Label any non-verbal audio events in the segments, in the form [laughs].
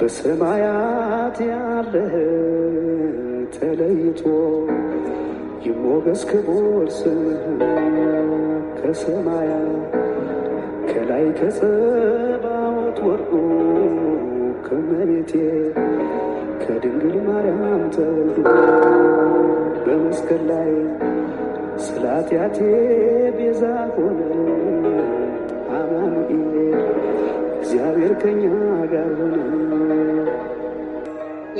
በሰማያት ያለህ ተለይቶ ይሞገስ ክቡር ስምህ ከሰማያ ከላይ ከጸባዖት ወርዶ ከመሬቴ ከድንግል ማርያም ተወልዶ በመስቀል ላይ ስለ ኃጢአቴ ቤዛ ሆነ አማኑኤል እግዚአብሔር ከኛ ጋር ሆነ።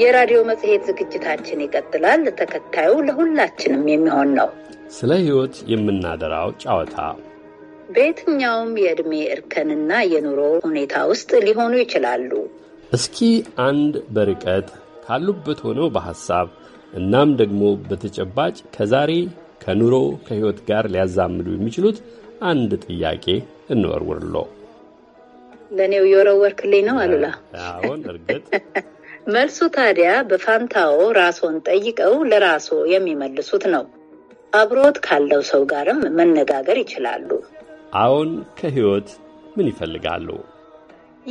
የራዲዮ መጽሔት ዝግጅታችን ይቀጥላል። ተከታዩ ለሁላችንም የሚሆን ነው። ስለ ሕይወት የምናደራው ጨዋታ በየትኛውም የዕድሜ እርከንና የኑሮ ሁኔታ ውስጥ ሊሆኑ ይችላሉ። እስኪ አንድ በርቀት ካሉበት ሆነው በሐሳብ እናም ደግሞ በተጨባጭ ከዛሬ ከኑሮ ከሕይወት ጋር ሊያዛምዱ የሚችሉት አንድ ጥያቄ እንወርውርሎ። ለእኔው የወረወርክልኝ ነው አሉላ? አዎን፣ እርግጥ [laughs] መልሱ ታዲያ በፋንታዎ ራስዎን ጠይቀው ለራስዎ የሚመልሱት ነው። አብሮት ካለው ሰው ጋርም መነጋገር ይችላሉ። አዎን፣ ከህይወት ምን ይፈልጋሉ?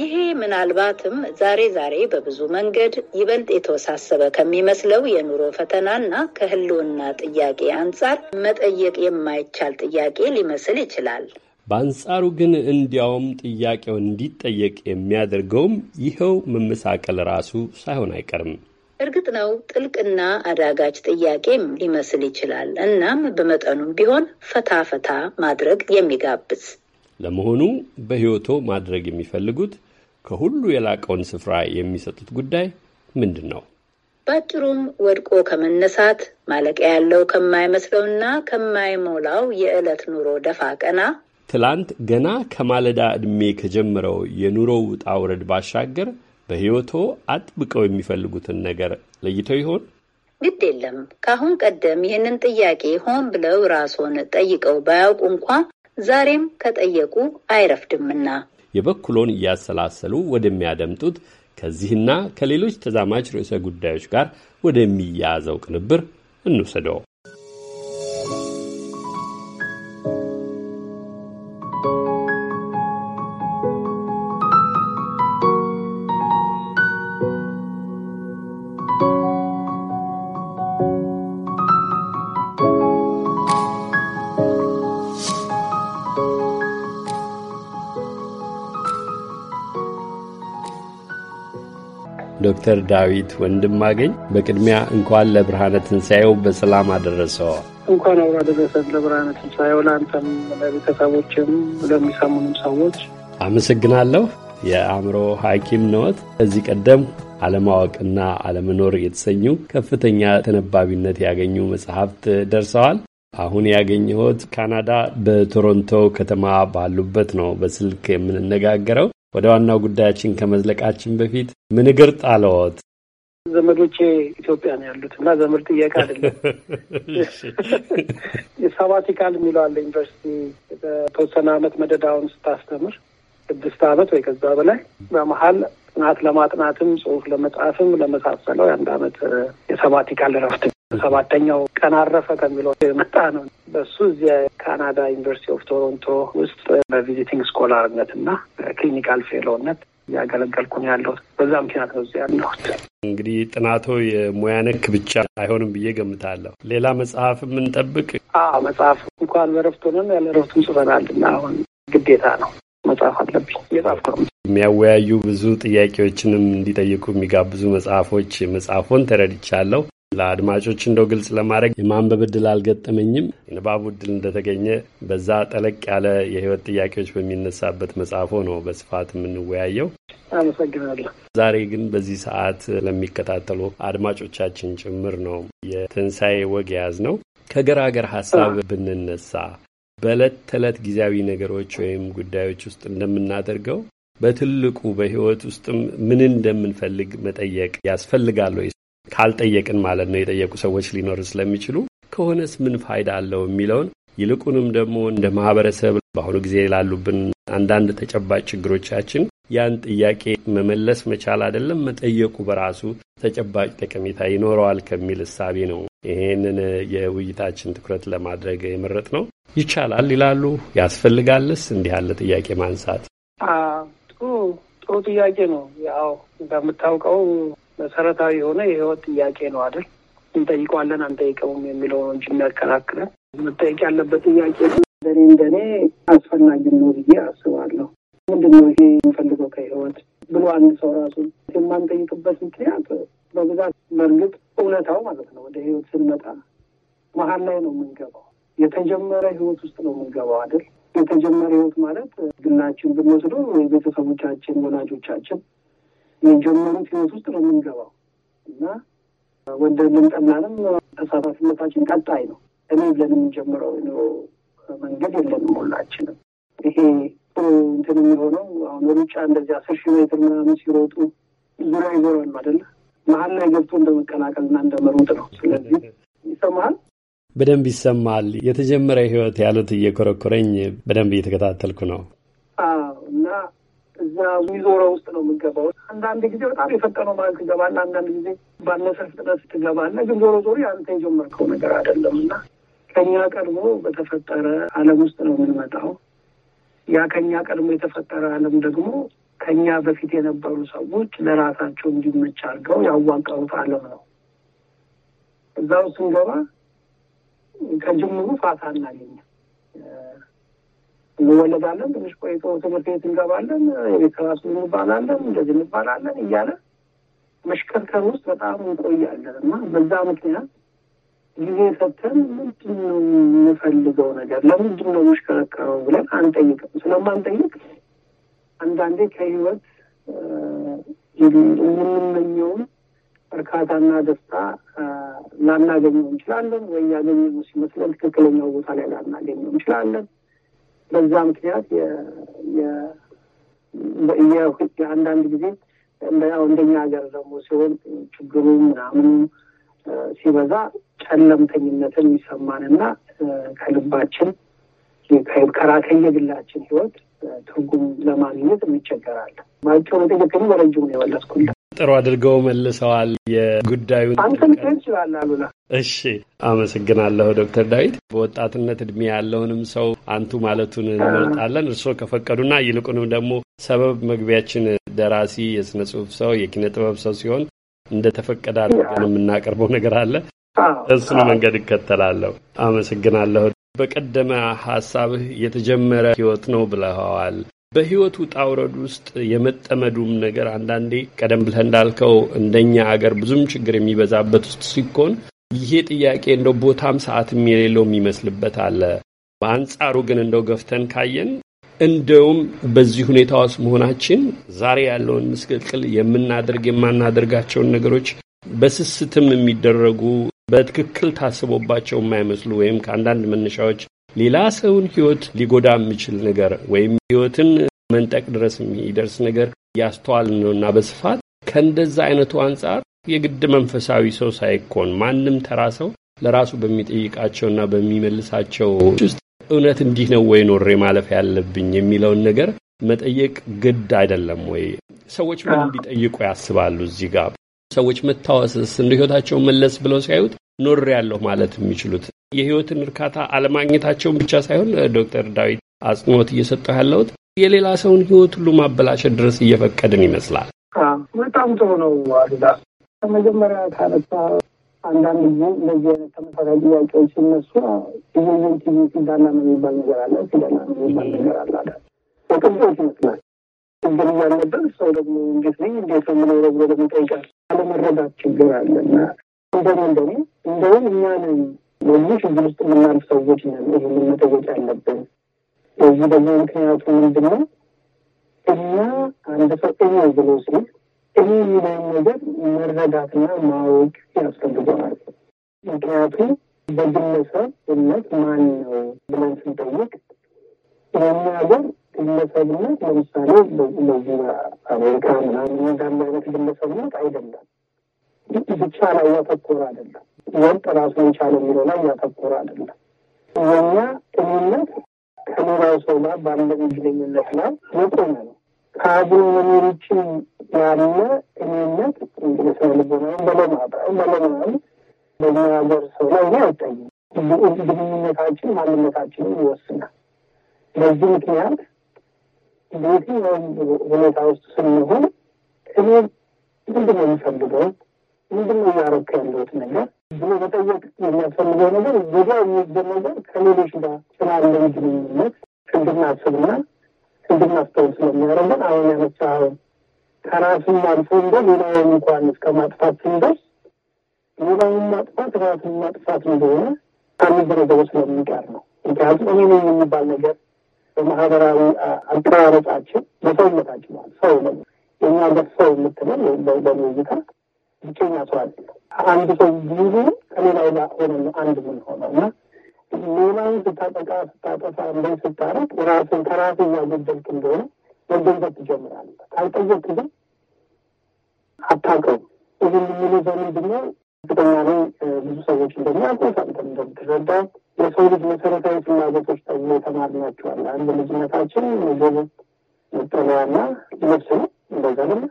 ይሄ ምናልባትም ዛሬ ዛሬ በብዙ መንገድ ይበልጥ የተወሳሰበ ከሚመስለው የኑሮ ፈተናና ከህልውና ጥያቄ አንጻር መጠየቅ የማይቻል ጥያቄ ሊመስል ይችላል። በአንጻሩ ግን እንዲያውም ጥያቄውን እንዲጠየቅ የሚያደርገውም ይኸው መመሳቀል ራሱ ሳይሆን አይቀርም። እርግጥ ነው ጥልቅና አዳጋች ጥያቄም ሊመስል ይችላል። እናም በመጠኑም ቢሆን ፈታ ፈታ ማድረግ የሚጋብዝ ለመሆኑ በሕይወቶ ማድረግ የሚፈልጉት ከሁሉ የላቀውን ስፍራ የሚሰጡት ጉዳይ ምንድን ነው? ባጭሩም ወድቆ ከመነሳት ማለቂያ ያለው ከማይመስለውና ከማይሞላው የዕለት ኑሮ ደፋ ቀና ትላንት ገና ከማለዳ ዕድሜ ከጀመረው የኑሮ ውጣ ውረድ ባሻገር በሕይወቶ አጥብቀው የሚፈልጉትን ነገር ለይተው ይሆን? ግድ የለም። ከአሁን ቀደም ይህንን ጥያቄ ሆን ብለው ራስዎን ጠይቀው ባያውቁ እንኳ ዛሬም ከጠየቁ አይረፍድምና የበኩሎን እያሰላሰሉ ወደሚያደምጡት ከዚህና ከሌሎች ተዛማች ርዕሰ ጉዳዮች ጋር ወደሚያያዘው ቅንብር እንውሰደው። ዶክተር ዳዊት ወንድም አገኝ በቅድሚያ እንኳን ለብርሃነ ትንሣኤው በሰላም አደረሰው። እንኳን አብሮ አደረሰን ለብርሃነ ትንሣኤው፣ ለአንተም፣ ለቤተሰቦችም፣ ለሚሰሙንም ሰዎች አመሰግናለሁ። የአእምሮ ሐኪም ነዎት። ከዚህ ቀደም አለማወቅና አለመኖር የተሰኙ ከፍተኛ ተነባቢነት ያገኙ መጽሐፍት ደርሰዋል። አሁን ያገኘሁት ካናዳ በቶሮንቶ ከተማ ባሉበት ነው በስልክ የምንነጋገረው። ወደ ዋናው ጉዳያችን ከመዝለቃችን በፊት ምን እግር ጣለዎት? ዘመዶቼ ኢትዮጵያ ነው ያሉት እና ዘመድ ጥያቄ አይደለም። [laughs] የሳባቲካል የሚለው አለ። ዩኒቨርሲቲ በተወሰነ አመት መደዳውን ስታስተምር ስድስት አመት ወይ ከዛ በላይ በመሀል ጥናት ለማጥናትም ጽሁፍ ለመጻፍም ለመሳሰለው የአንድ አመት የሰባቲካል እረፍት ሰባተኛው ቀን አረፈ ከሚለው የመጣ ነው። በሱ እዚያ ካናዳ ዩኒቨርሲቲ ኦፍ ቶሮንቶ ውስጥ በቪዚቲንግ ስኮላርነት እና ክሊኒካል ፌሎነት እያገለገልኩ ነው ያለሁት። በዛ ምክንያት ነው እዚያ ያለሁት። እንግዲህ ጥናቶ የሙያ ነክ ብቻ አይሆንም ብዬ ገምታለሁ። ሌላ መጽሐፍ የምንጠብቅ መጽሐፍ እንኳን በረፍት ሆነን ያለ ረፍቱን ጽፈናል እና አሁን ግዴታ ነው መጽሐፍ አለብኝ እየጻፍኩ ነው። የሚያወያዩ ብዙ ጥያቄዎችንም እንዲጠይቁ የሚጋብዙ መጽሐፎች መጽሐፎን ተረድቻለሁ። ለአድማጮች እንደው ግልጽ ለማድረግ የማንበብ እድል አልገጠመኝም። የንባብ እድል እንደተገኘ በዛ ጠለቅ ያለ የህይወት ጥያቄዎች በሚነሳበት መጽሐፎ ነው በስፋት የምንወያየው። አመሰግናለሁ። ዛሬ ግን በዚህ ሰዓት ለሚከታተሉ አድማጮቻችን ጭምር ነው የትንሣኤ ወግ የያዝ ነው። ከገራገር ሀሳብ ብንነሳ በዕለት ተዕለት ጊዜያዊ ነገሮች ወይም ጉዳዮች ውስጥ እንደምናደርገው በትልቁ በህይወት ውስጥም ምን እንደምንፈልግ መጠየቅ ያስፈልጋል ወይ? ካልጠየቅን ማለት ነው የጠየቁ ሰዎች ሊኖር ስለሚችሉ ከሆነስ ምን ፋይዳ አለው የሚለውን ይልቁንም ደግሞ እንደ ማህበረሰብ በአሁኑ ጊዜ ላሉብን አንዳንድ ተጨባጭ ችግሮቻችን ያን ጥያቄ መመለስ መቻል አይደለም መጠየቁ በራሱ ተጨባጭ ጠቀሜታ ይኖረዋል ከሚል እሳቤ ነው ይሄንን የውይይታችን ትኩረት ለማድረግ የመረጥ ነው። ይቻላል ይላሉ። ያስፈልጋልስ እንዲህ ያለ ጥያቄ ማንሳት? ጥሩ ጥሩ ጥያቄ ነው። ያው እንደምታውቀው መሰረታዊ የሆነ የህይወት ጥያቄ ነው አይደል? እንጠይቀዋለን አንጠይቀውም የሚለው ነው እንጂ የሚያከራክረን መጠየቅ ያለበት ጥያቄ ግን እንደኔ እንደኔ አስፈላጊ ነው ብዬ አስባለሁ። ምንድን ነው ይሄ የምፈልገው ከህይወት ብሎ አንድ ሰው ራሱ የማንጠይቅበት ምክንያት በብዛት በእርግጥ እውነታው ማለት ነው ወደ ህይወት ስንመጣ መሀል ላይ ነው የምንገባው። የተጀመረ ህይወት ውስጥ ነው የምንገባው አይደል? የተጀመረ ህይወት ማለት ግናችን ብንወስዶ ቤተሰቦቻችን፣ ወላጆቻችን የጀመሩት ህይወት ውስጥ ነው የምንገባው እና ወደድንም ጠላንም ተሳታፊነታችን ቀጣይ ነው። እኔ ብለን የምንጀምረው መንገድ የለንም ሁላችንም። ይሄ እንትን የሚሆነው አሁን ሩጫ እንደዚህ አስር ሺህ ሜትር ምናምን ሲሮጡ ዙሪያ ይዞራሉ አይደለ? መሀል ላይ ገብቶ እንደመቀላቀልና እንደመሮጥ ነው። ስለዚህ ይሰማል በደንብ ይሰማል። የተጀመረ ህይወት ያሉት እየኮረኮረኝ በደንብ እየተከታተልኩ ነው። እዛ ዊዞሮ ውስጥ ነው የምንገባው። አንዳንድ ጊዜ በጣም የፈጠነው ማለት ትገባለ፣ አንዳንድ ጊዜ ባነሰ ፍጥነት ትገባለ። ግን ዞሮ ዞሮ ያንተ የጀመርከው ነገር አይደለም እና ከኛ ቀድሞ በተፈጠረ ዓለም ውስጥ ነው የምንመጣው። ያ ከኛ ቀድሞ የተፈጠረ ዓለም ደግሞ ከኛ በፊት የነበሩ ሰዎች ለራሳቸው እንዲመች አድርገው ያዋቀሩት ዓለም ነው። እዛ ውስጥ ስንገባ ከጅምሩ ፋታ እናገኛል። እንወለዳለን፣ ትንሽ ቆይቶ ትምህርት ቤት እንገባለን፣ የቤት ራሱ እንባላለን፣ እንደዚህ እንባላለን እያለ መሽከርከር ውስጥ በጣም እንቆያለን እና በዛ ምክንያት ጊዜ ሰጥተን ምንድን ነው የምፈልገው ነገር ለምንድን ነው መሽከረከረው ብለን አንጠይቅም። ስለማንጠይቅ አንዳንዴ ከህይወት የምንመኘውን እርካታና ደስታ ላናገኘው እንችላለን፣ ወይ ያገኘነው ሲመስለን ትክክለኛው ቦታ ላይ ላናገኘው እንችላለን። በዛ ምክንያት አንዳንድ ጊዜ እንደኛ ሀገር ደግሞ ሲሆን ችግሩ ምናምኑ ሲበዛ ጨለምተኝነትን ይሰማን እና ከልባችን ከየግላችን ህይወት ትርጉም ለማግኘት እንቸገራለን። በአጭሩ ጥቂት በረጅሙ ነው የመለስኩልህ። ጥሩ አድርገው መልሰዋል። የጉዳዩ አንተም እሺ አመሰግናለሁ ዶክተር ዳዊት። በወጣትነት እድሜ ያለውንም ሰው አንቱ ማለቱን እንመርጣለን እርስዎ ከፈቀዱና ይልቁንም ደግሞ ሰበብ መግቢያችን ደራሲ፣ የስነ ጽሁፍ ሰው፣ የኪነ ጥበብ ሰው ሲሆን ተፈቀደ አድርገን የምናቀርበው ነገር አለ። እሱን መንገድ እከተላለሁ። አመሰግናለሁ። በቀደመ ሀሳብህ የተጀመረ ህይወት ነው ብለኸዋል። በህይወቱ ጣውረድ ውስጥ የመጠመዱም ነገር አንዳንዴ ቀደም ብለህ እንዳልከው እንደኛ አገር ብዙም ችግር የሚበዛበት ውስጥ ሲኮን ይሄ ጥያቄ እንደው ቦታም ሰዓትም የሌለው የሚመስልበት አለ። በአንጻሩ ግን እንደው ገፍተን ካየን እንደውም በዚህ ሁኔታ ውስጥ መሆናችን ዛሬ ያለውን ምስቅልቅል የምናደርግ የማናደርጋቸውን ነገሮች በስስትም የሚደረጉ በትክክል ታስቦባቸው የማይመስሉ ወይም ከአንዳንድ መነሻዎች ሌላ ሰውን ህይወት ሊጎዳ የሚችል ነገር ወይም ህይወትን መንጠቅ ድረስ የሚደርስ ነገር ያስተዋል ነውና በስፋት ከእንደዛ አይነቱ አንጻር የግድ መንፈሳዊ ሰው ሳይኮን ማንም ተራ ሰው ለራሱ በሚጠይቃቸውና በሚመልሳቸው ውስጥ እውነት እንዲህ ነው ወይ ኖሬ ማለፍ ያለብኝ የሚለውን ነገር መጠየቅ ግድ አይደለም ወይ? ሰዎች ምን እንዲጠይቁ ያስባሉ? እዚህ ጋር ሰዎች መታወስስ እንደ ህይወታቸው መለስ ብለው ሲያዩት ኖር ያለሁ ማለት የሚችሉት የህይወትን እርካታ አለማግኘታቸውን ብቻ ሳይሆን ዶክተር ዳዊት አጽንኦት እየሰጠሁ ያለሁት የሌላ ሰውን ህይወት ሁሉ ማበላሸት ድረስ እየፈቀድን ይመስላል። በጣም ጥሩ ነው አሉላ። ከመጀመሪያ ካነሳ አንዳንድ ጊዜ እንደዚህ አይነት ተመሳሳይ ጥያቄዎች ሲነሱ ቲቪ ሲዳና ነው የሚባል ነገር አለ፣ ሲዳና ነው የሚባል ነገር አለ። በቅርጾች ይመስላል ችግር ያለበት ሰው ደግሞ እንዴት ነኝ እንዴት ነው የምኖረው ብሎ ደግሞ ጠይቃል። አለመረዳት ችግር አለ እና እንደምን ደግሞ እንደውም እኛ ነን ወይ ችግር ውስጥ የምናልፍ ሰዎች ነን። ይህንን መጠወቅ ያለብን በዚህ ደግሞ ምክንያቱ ምንድን ነው? እኛ አንድ ሰው እኔ ብሎ ሲል እኔ የሚለውን ነገር መረዳትና ማወቅ ያስፈልገዋል። ምክንያቱም በግለሰብ እምነት ማን ነው ብለን ስንጠይቅ የሚያገር ግለሰብነት ለምሳሌ እነዚህ አሜሪካ ምናምን እንዳለ አይነት ግለሰብነት አይደለም። ብቻ ላይ ያተኮረ አይደለም። ወጥ ራሱን የቻለ የሚለው ላይ ያተኮረ አይደለም። የኛ እኔነት ከሌላው ሰው ጋር ባለን ግንኙነት ላይ የቆመ ነው። ከአብን የሚሮችን ያለ እኔነት እንግዲህ ስነ ልቦናን በለማጣም በለማም በኛ ሀገር ሰው ላይ ላይ አይጠይም። ግንኙነታችን ማንነታችንን ይወስናል። በዚህ ምክንያት በዚህ ሁኔታ ውስጥ ስንሆን እኔ ምንድን ነው የሚፈልገው ምንድን ነው እያረኩ ያለሁት ነገር ብሎ መጠየቅ የሚያስፈልገው ነገር የሚወደ ነገር ከሌሎች ጋር ስላለን ግንኙነት እንድናስብና እንድናስተውል ስለሚያደርገን አሁን ያነሳው ከራስም አልፎ እንደ ሌላውን እንኳን እስከ ማጥፋት ስንደርስ ሌላውን ማጥፋት ራስን ማጥፋት እንደሆነ ከሚደረገው ስለሚቀር ነው። ምክንያቱም እኔ ነኝ የሚባል ነገር በማህበራዊ አቀራረጻችን በሰውነታችን ማለት ሰው ነው። የእኛ ሀገር ሰው የምትለው ወይም በሙዚቃ ብቸኛ ሰው አለ። አንድ ሰው ብዙ ከሌላው ጋር ሆነ አንድ ምን ሆነው እና ሌላውን ስታጠቃ ስታጠፋ፣ እንደ ስታረቅ ራስን ከራስ እያገደልክ እንደሆነ መገንዘብ ትጀምራለህ። ካልጠየቅ ግን አታውቀውም። ይህ የምንለው በምንድን እርግጠኛ ላይ ብዙ ሰዎች እንደሚያውቁት አንተም እንደምትረዳው የሰው ልጅ መሰረታዊ ፍላጎቶች ተብሎ የተማርናቸዋል። አንድ ልጅነታችን ምግብ፣ መጠለያና ልብስ ነው። እንደዛንም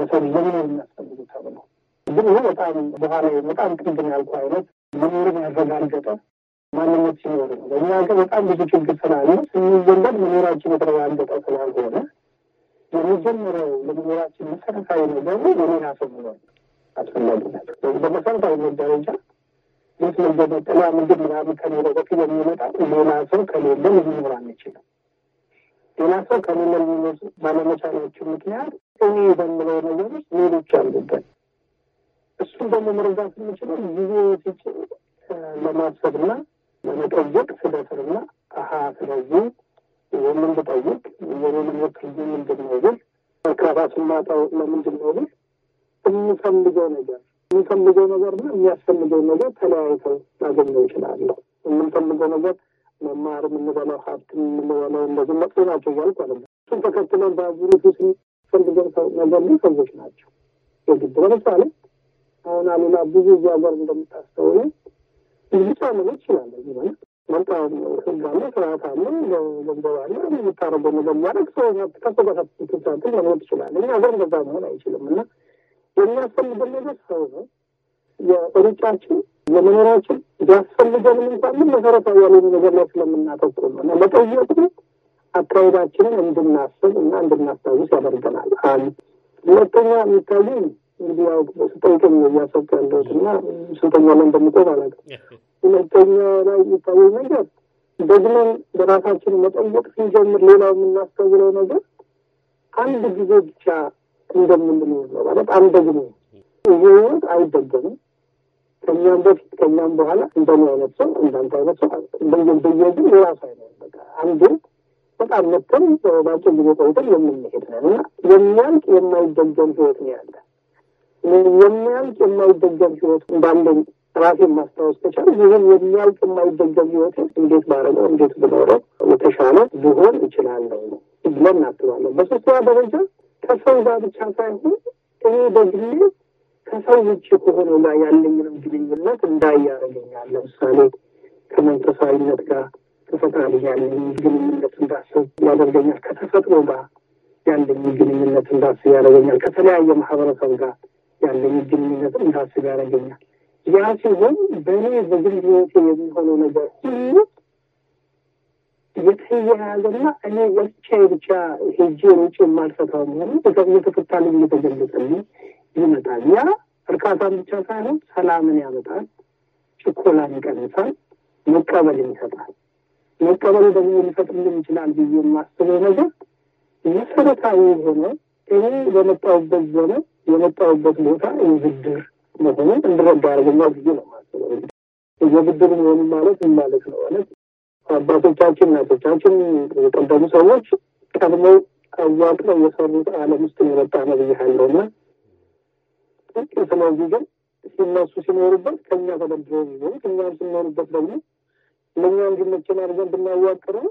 ለሰው ልጅ ለመኖር የሚያስፈልጉ ተብሎ ግን ይህ በጣም በኋላ በጣም ቅድም ያልኩ አይነት መኖርን ያረጋገጠ ማንነት ሲኖር ነው። በእኛ ሀገር በጣም ብዙ ችግር ስላለ ስንወለድ መኖራችን የተረጋገጠ ስላልሆነ የመጀመሪያው ለመኖራችን መሰረታዊ ነገሩ የሌላ ሰው መኖር ነው። አስፈላጊ ናቸው። ስለዚህ በመሰረታዊነት ደረጃ ቤት ምግብ፣ ጥላ ምግብ ምናምን ከሌለ በፊት የሚመጣ ሌላ ሰው ከሌለ ሊኖር አንችልም። ሌላ ሰው ከሌለ ሊኖር ባለመቻላቸው ምክንያት እኔ በምለው ነገር ውስጥ ሌሎች አሉበት። እሱም ደግሞ መረዳት የምችለው ጊዜ ስጭ ለማሰብና ለመጠየቅ ስደፍርና አሀ ስለዚህ ይህንን ብጠይቅ የኔ ምክር ምንድን ነው ብል መከራባቱን ማጣው ለምንድን ነው ብል የምፈልገው ነገር የምፈልገው ነገርና የሚያስፈልገው ነገር ተለያይተው ላገኘው ይችላለሁ። የምንፈልገው ነገር መማር፣ የምንበለው ሀብት የምንበለው እንደዚህ መጥፎ ናቸው እያልኩ አለ። እሱን ተከትለን በአዙሪቱ ስንፈልገው ነገር ግን ሰዎች ናቸው የግድ ለምሳሌ አሁን አሉላ ብዙ እዚህ ሀገር እንደምታስተውለ ብዙ ምን ይችላለ ማለት መልጣ ህግ አለ፣ ስርዓት አለ፣ ገንዘብ አለ። የምታረገው ነገር ማድረግ ሰው ከሰው ጋር ትቻ ለመሆን ትችላለ። እኛ ሀገር እንደዛ መሆን አይችልም እና የሚያስፈልገን ነገር ሰው ነው። የሩጫችን የመኖሪያችን ቢያስፈልገንም እንኳን ምን መሰረታዊ ያልሆኑ ነገር ላይ ስለምናተኩ ነው እና አካሄዳችንን እንድናስብ እና እንድናስታውስ ያደርገናል። አንድ ሁለተኛ የሚታዩ እንግዲህ ያው ስጠይቀኝ እያሰብኩ ያለሁት እና ስንተኛ ላይ እንደምቆም አላውቅም። ሁለተኛ ላይ የሚታዩ ነገር ደግመን በራሳችን መጠየቅ ስንጀምር ሌላው የምናስተውለው ነገር አንድ ጊዜ ብቻ እንደምንል ነው ማለት አንደግም። ይህ ህይወት አይደገምም። ከኛም በፊት ከኛም በኋላ እንደኔ አይነት ሰው እንዳንተ አይነት ሰው በየበየግን የራሱ አይነት በቃ አንዱ በጣም መጥተን በአጭር ጊዜ ቆይተን የምንሄድ ነን እና የሚያልቅ የማይደገም ህይወት ነው ያለ የሚያልቅ የማይደገም ህይወት እንዳለኝ ራሴን ማስታወስ ተቻለ። ይህን የሚያልቅ የማይደገም ህይወት እንዴት ባረገው እንዴት ብኖረው የተሻለ ሊሆን ይችላል ነው ብለን እናስባለን። በሶስተኛ ደረጃ ከሰው ጋር ብቻ ሳይሆን እኔ በግሌ ከሰው ውጭ ከሆነ ጋር ያለኝንም ግንኙነት እንዳያረገኛል። ለምሳሌ ከመንፈሳዊነት ጋር ከፈጣሪ ያለኝ ግንኙነት እንዳስብ ያደርገኛል። ከተፈጥሮ ጋር ያለኝ ግንኙነት እንዳስብ ያደርገኛል። ከተለያየ ማህበረሰብ ጋር ያለኝ ግንኙነት እንዳስብ ያደርገኛል። ያ ሲሆን በእኔ በግል የሚሆነው ነገር ሁሉ የተያያዘና እኔ ወቼ ብቻ ሄጄ ውጭ የማልፈታው መሆኑ እየተፈታልኝ እየተገለጸልኝ ይመጣል። ያ እርካታን ብቻ ሳይሆን ሰላምን ያመጣል፣ ችኮላን ይቀንሳል፣ መቀበልን ይሰጣል። መቀበል ደግሞ ሊፈጥልን ይችላል ብዬ የማስበው ነገር መሰረታዊ የሆነ እኔ በመጣሁበት ዘመን የመጣሁበት ቦታ የብድር መሆኑን እንድረዳ አድርገኛው ብዬ ነው ማስበው። የብድር መሆኑ ማለት ማለት ነው ማለት አባቶቻችን እናቶቻችን የቀደሙ ሰዎች ቀድመው አዋቅረው የሰሩት ዓለም ውስጥ የመጣ ነው ብያለሁ እና ስለዚህ ግን ሲነሱ ሲኖሩበት ከኛ ተበድረው የሚኖሩት እኛም ስኖሩበት ደግሞ ለእኛ እንዲመችን አድርገን ብናዋቅረው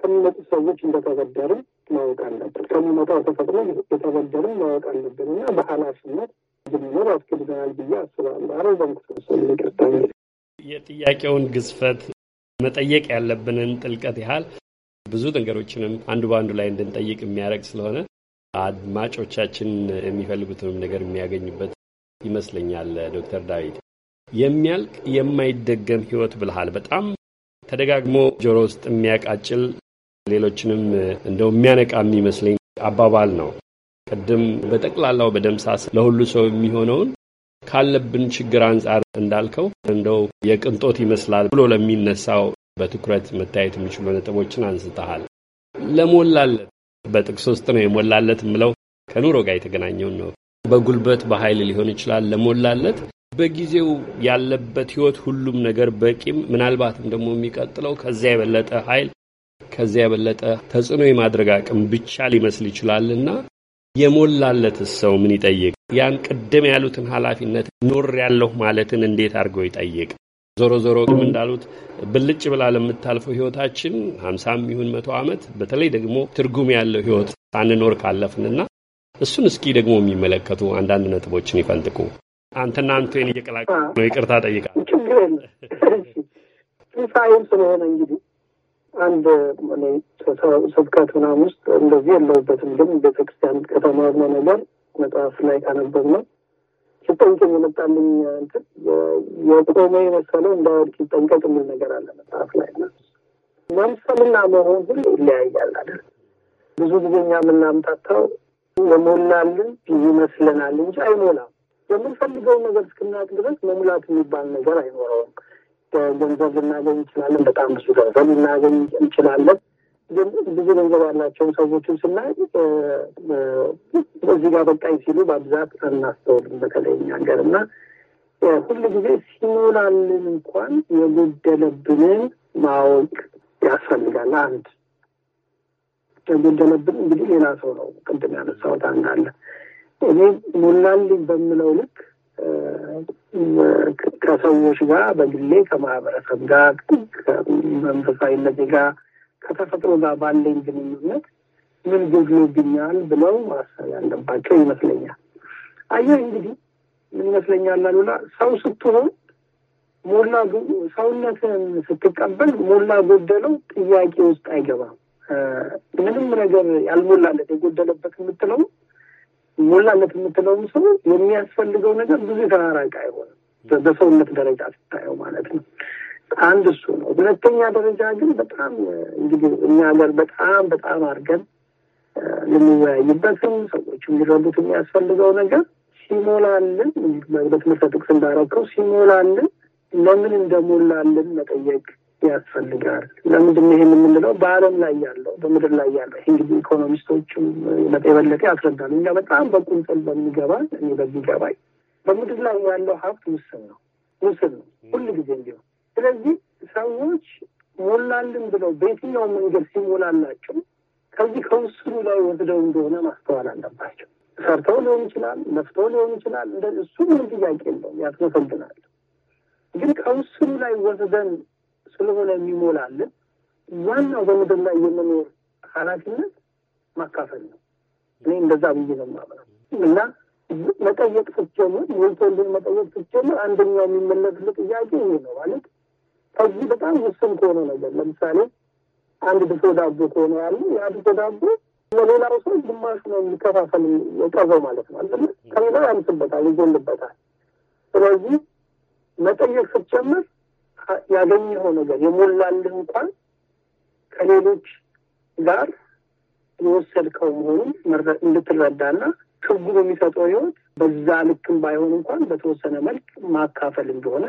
ከሚመጡ ሰዎች እንደተበደርም ማወቅ አለብን። ከሚመጣው ተፈጥሮ የተበደርም ማወቅ አለብን እና በኃላፊነት ብንኖር አስገድደናል ብዬ አስባለሁ። አረ በንኩስ ይቅርታ የጥያቄውን ግዝፈት መጠየቅ ያለብንን ጥልቀት ያህል ብዙ ነገሮችንም አንዱ በአንዱ ላይ እንድንጠይቅ የሚያደርግ ስለሆነ አድማጮቻችን የሚፈልጉትንም ነገር የሚያገኙበት ይመስለኛል። ዶክተር ዳዊት የሚያልቅ የማይደገም ህይወት ብልሃል በጣም ተደጋግሞ ጆሮ ውስጥ የሚያቃጭል ሌሎችንም እንደው የሚያነቃ የሚመስለኝ አባባል ነው። ቅድም በጠቅላላው በደምሳስ ለሁሉ ሰው የሚሆነውን ካለብን ችግር አንጻር እንዳልከው እንደው የቅንጦት ይመስላል ብሎ ለሚነሳው በትኩረት መታየት የሚችሉ ነጥቦችን አንስተሃል። ለሞላለት በጥቅስ ውስጥ ነው የሞላለት የምለው ከኑሮ ጋር የተገናኘውን ነው። በጉልበት በኃይል ሊሆን ይችላል። ለሞላለት በጊዜው ያለበት ህይወት ሁሉም ነገር በቂም፣ ምናልባትም ደግሞ የሚቀጥለው ከዚያ የበለጠ ኃይል ከዚያ የበለጠ ተጽዕኖ የማድረግ አቅም ብቻ ሊመስል ይችላልና የሞላለት ሰው ምን ይጠይቅ? ያን ቅድም ያሉትን ኃላፊነት ኖር ያለሁ ማለትን እንዴት አድርገው ይጠይቅ? ዞሮ ዞሮ ግን እንዳሉት ብልጭ ብላ ለምታልፈው ህይወታችን ሀምሳም ይሁን መቶ ዓመት በተለይ ደግሞ ትርጉም ያለው ህይወት ሳንኖር ካለፍንና እሱን እስኪ ደግሞ የሚመለከቱ አንዳንድ ነጥቦችን ይፈንጥቁ። አንተና አንቱን እየቀላቀ ነው ይቅርታ ጠይቃል። ትንሣኤም ስለሆነ እንግዲህ አንድ ስብከት ምናምን ውስጥ እንደዚህ የለውበትም፣ ግን ቤተክርስቲያን ከተማ ነገር መጽሐፍ ላይ ካነበብ ነው ስጠንቅ የመጣልኝ እንትን የቆመ የመሰለው እንዳወድቅ ይጠንቀቅ የሚል ነገር አለ መጽሐፍ ላይ እና መምሰልና መሆን ሁሉ ይለያያል አይደል? ብዙ ጊዜ እኛ የምናምታታው የሞላልን ይመስለናል እንጂ አይሞላም። የምንፈልገውን ነገር እስክናቅ ድረስ መሙላት የሚባል ነገር አይኖረውም። ገንዘብ ልናገኝ እንችላለን። በጣም ብዙ ገንዘብ ልናገኝ እንችላለን። ግን ብዙ ገንዘብ ያላቸውን ሰዎችም ስናይ እዚህ ጋር በቃኝ ሲሉ በብዛት አናስተውልም። በተለይ እኛ ሀገር እና ሁሉ ጊዜ ሲሞላልን እንኳን የጎደለብንን ማወቅ ያስፈልጋል። አንድ የጎደለብን እንግዲህ ሌላ ሰው ነው። ቅድም ያነሳሁት እንዳለ እኔ ሞላልኝ በምለው ልክ ከሰዎች ጋር በግሌ ከማህበረሰብ ጋር ከመንፈሳዊነት ጋር ከተፈጥሮ ጋር ባለኝ ግንኙነት ምን ጎድሎብኛል ብለው ማሰብ ያለባቸው ይመስለኛል። አየህ እንግዲህ ምን ይመስለኛል አሉላ ሰው ስትሆን ሞላ ሰውነትን ስትቀበል ሞላ ጎደለው ጥያቄ ውስጥ አይገባም። ምንም ነገር ያልሞላለት የጎደለበት የምትለው ሞላለት የምትለውም ሰው የሚያስፈልገው ነገር ብዙ የተራራቀ አይሆንም። በሰውነት ደረጃ ስታየው ማለት ነው። አንድ እሱ ነው። ሁለተኛ ደረጃ ግን በጣም እንግዲህ እኛ ሀገር በጣም በጣም አድርገን ልንወያይበትም ሰዎች እንዲረዱት የሚያስፈልገው ነገር ሲሞላልን በትምህርት ጥቅስ እንዳረከው ሲሞላልን ለምን እንደሞላልን መጠየቅ ያስፈልጋል። ለምንድን ነው ይሄን የምንለው? በዓለም ላይ ያለው በምድር ላይ ያለው እንግዲህ ኢኮኖሚስቶችም መጠ የበለጠ ያስረዳሉ። እኛ በጣም በቁንጥል በሚገባ በሚገባኝ በምድር ላይ ያለው ሀብት ውስን ነው ውስን ነው ሁል ጊዜ እንዲሆን ስለዚህ ሰዎች ሞላልን ብለው በየትኛው መንገድ ሲሞላላቸው ከዚህ ከውስኑ ላይ ወስደው እንደሆነ ማስተዋል አለባቸው። ሰርተው ሊሆን ይችላል፣ ለፍተው ሊሆን ይችላል። እሱ ምን ጥያቄ የለውም፣ ያስመሰግናል። ግን ከውስኑ ላይ ወስደን ስለሆነ የሚሞላልን ዋናው በምድር ላይ የመኖር ኃላፊነት ማካፈል ነው። እኔ እንደዛ ብዬ ነው የማምነው እና መጠየቅ ስትጀምር ወልቶልን መጠየቅ ስትጀምር አንደኛው የሚመለስልህ ጥያቄ ይሄ ነው ማለት ከዚህ በጣም ውስን ከሆነ ነገር ለምሳሌ አንድ ድፎ ዳቦ ከሆነ ያሉ ያ ድፎ ዳቦ ለሌላው ሰው ግማሽ ነው የሚከፋፈል የቀረው ማለት ነው አለ ከሌላው ያንስበታል፣ ይጎልበታል። ስለዚህ መጠየቅ ስትጀምር ያገኘኸው ነገር የሞላልህ እንኳን ከሌሎች ጋር የወሰድከው መሆኑን እንድትረዳና ትርጉም የሚሰጠው ህይወት በዛ ልክም ባይሆን እንኳን በተወሰነ መልክ ማካፈል እንደሆነ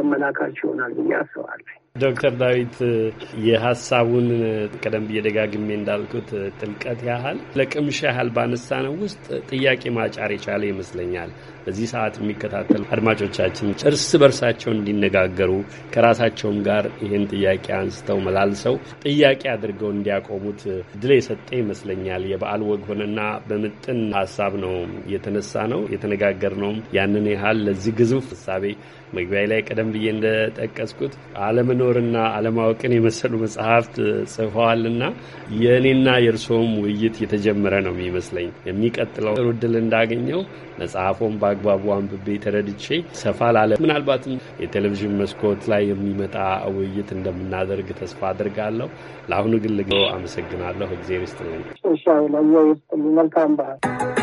አመላካች ይሆናል ብዬ አስባለሁ። ዶክተር ዳዊት የሀሳቡን ቀደም ብዬ ደጋግሜ እንዳልኩት ጥልቀት ያህል ለቅምሻ ያህል ባነሳነው ውስጥ ጥያቄ ማጫር የቻለ ይመስለኛል። በዚህ ሰዓት የሚከታተሉ አድማጮቻችን እርስ በርሳቸው እንዲነጋገሩ ከራሳቸውም ጋር ይህን ጥያቄ አንስተው መላልሰው ጥያቄ አድርገው እንዲያቆሙት ድል የሰጠ ይመስለኛል። የበዓል ወግ ሆነና በምጥን ሀሳብ ነው የተነሳ ነው የተነጋገር ነውም ያንን ያህል ለዚህ ግዙፍ ሳቤ መግቢያ ላይ ቀደም ብዬ እንደጠቀስኩት አለመኖርና አለማወቅን የመሰሉ መጽሐፍት ጽፈዋልና የእኔና የእርስዎም ውይይት የተጀመረ ነው የሚመስለኝ። የሚቀጥለው እድል እንዳገኘው መጽሐፎን በአግባቡ አንብቤ ተረድቼ ሰፋ ላለ ምናልባትም የቴሌቪዥን መስኮት ላይ የሚመጣ ውይይት እንደምናደርግ ተስፋ አድርጋለሁ። ለአሁኑ ግን ልግ አመሰግናለሁ። እግዜር ይስጥልኝ። መልካም ባህል